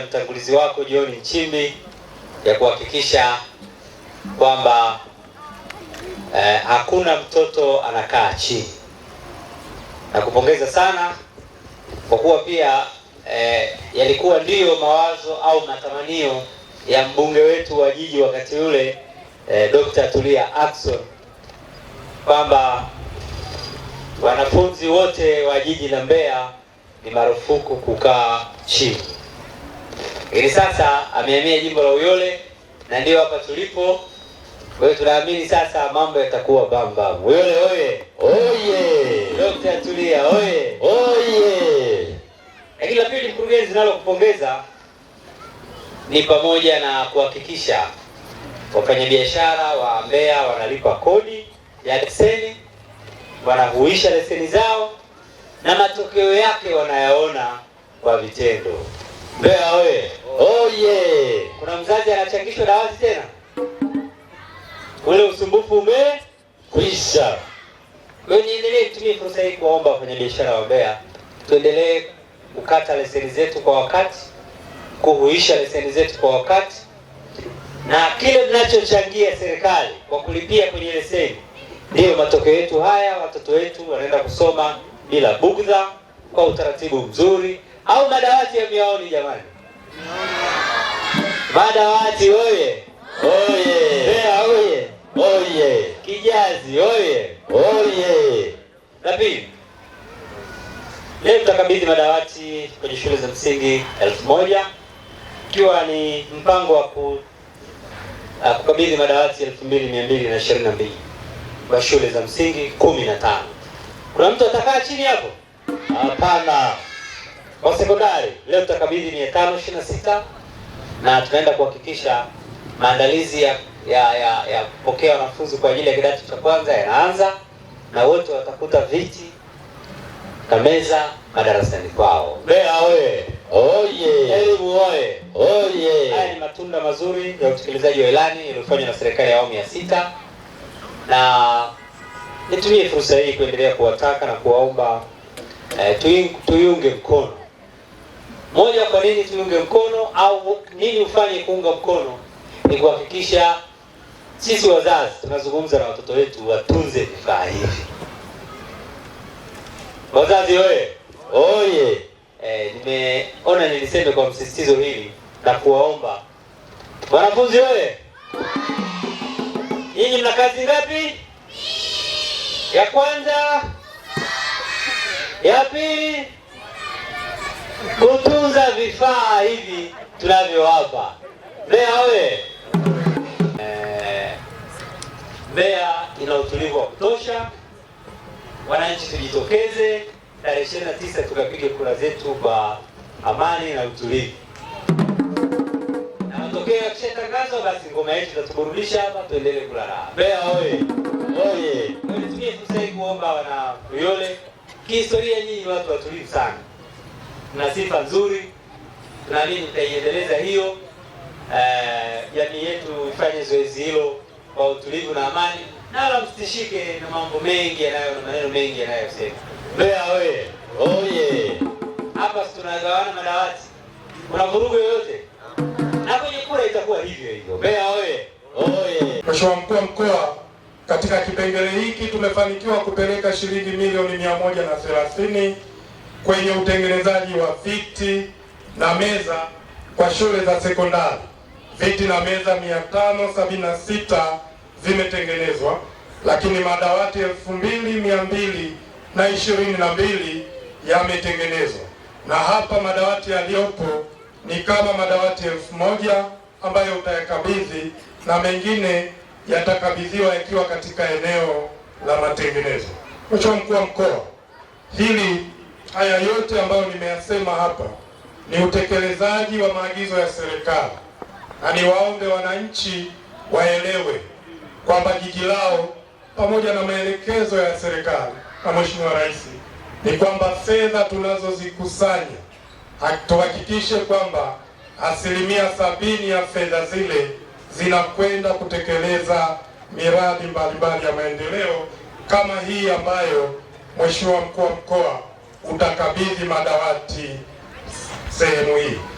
na mtangulizi wako John Nchimbi ya kuhakikisha kwamba eh, hakuna mtoto anakaa chini. Nakupongeza sana kwa kuwa pia eh, yalikuwa ndiyo mawazo au matamanio ya mbunge wetu wa jiji wakati ule eh, Dr. Tulia Ackson kwamba wanafunzi wote wa jiji la Mbeya ni marufuku kukaa chini. Hivi sasa amehamia jimbo la Uyole na ndio hapa tulipo. Kwa hiyo tunaamini sasa mambo yatakuwa bam. Uyole oye! Oye! Dr. Tulia oye! Oye! Lakini la pili, mkurugenzi, kupongeza ni pamoja na kuhakikisha wafanyabiashara wa Mbeya wanalipa kodi ya leseni, wanahuisha leseni zao na matokeo yake wanayaona kwa vitendo. Mbea we Oye! Kuna mzazi anachangishwa dawati tena, ule usumbufu umekwisha. Kwayo niendelee kutumia fursa hii kuwaomba wafanyabiashara wa Mbea, tuendelee kukata leseni zetu kwa wakati, kuhuisha leseni zetu kwa wakati, na kile mnachochangia serikali kwa kulipia kwenye leseni, ndiyo matokeo yetu haya, watoto wetu wanaenda kusoma bila bugdha, kwa utaratibu mzuri au madawati ya miaoni jamani? Madawati oye oye, Mbeya oye oye, Kijazi oye oye. La leo tutakabidhi madawati kwenye shule za msingi elfu moja ikiwa ni mpango wa ku uh, kukabidhi madawati elfu mbili mia mbili na ishirini na mbili kwa shule za msingi kumi na tano. Kuna mtu atakaa chini hapo? Hapana. Kwa sekondari leo tutakabidhi mia na na tunaenda kuhakikisha maandalizi ya ya ya, ya kupokea wanafunzi kwa ajili ya kidato cha kwanza yanaanza, na wote watakuta viti na meza madarasani kwao. Mbeya oye! Oye! Elimu oye! Oye! Haya ni matunda mazuri ya utekelezaji wa ilani iliyofanywa na serikali ya awamu ya sita, na nitumie fursa hii kuendelea kuwataka na kuwaomba eh, tuyunge mkono moja, kwa nini tuunge mkono au nini ufanye kuunga mkono? Ni kuhakikisha sisi wazazi tunazungumza na watoto wetu watunze vifaa hivi. Wazazi oye, oye! E, nimeona niliseme kwa msisitizo hili na kuwaomba wanafunzi oye, nyinyi mna kazi ngapi? Ya kwanza, ya pili kutunza vifaa hivi tunavyowapa. Mbeya oye! Eh, Mbeya ina utulivu wa kutosha. Wananchi tujitokeze tarehe tisa tukapige kura zetu kwa amani na utulivu, na matokeo yakishatangazwa, basi ngoma yetu itatuburudisha hapa, tuendelee kula raha. Mbeya oye! Oye! Nitumie fursa hii kuomba wana Uyole, kihistoria nyinyi watu watulivu sana na sifa nzuri, na mimi nitaiendeleza hiyo. Eh, jamii e, yetu ifanye zoezi hilo kwa utulivu na amani, na wala msitishike na mambo mengi yanayo na maneno mengi yanayosema Mbeya we oye. Hapa si tunagawana madawati, kuna vurugu yoyote? Na kwenye kura itakuwa hivyo hivyo. Mbeya we oye. Mheshimiwa mkuu wa mkoa, katika kipengele hiki tumefanikiwa kupeleka shilingi milioni mia moja na thelathini kwenye utengenezaji wa viti na meza kwa shule za sekondari. Viti na meza 576 zimetengenezwa, lakini madawati 2222 yametengenezwa, na hapa madawati yaliyopo ni kama madawati elfu moja ambayo utayakabidhi na mengine yatakabidhiwa yakiwa katika eneo la matengenezo. Mheshimiwa Mkuu wa Mkoa, hili haya yote ambayo nimeyasema hapa ni utekelezaji wa maagizo ya serikali, na niwaombe wananchi waelewe kwamba jiji lao pamoja na maelekezo ya serikali na Mheshimiwa Rais ni kwamba fedha tunazozikusanya tuhakikishe kwamba asilimia sabini ya fedha zile zinakwenda kutekeleza miradi mbalimbali ya maendeleo kama hii ambayo Mheshimiwa mkuu wa mkoa utakabidhi madawati sehemu hii.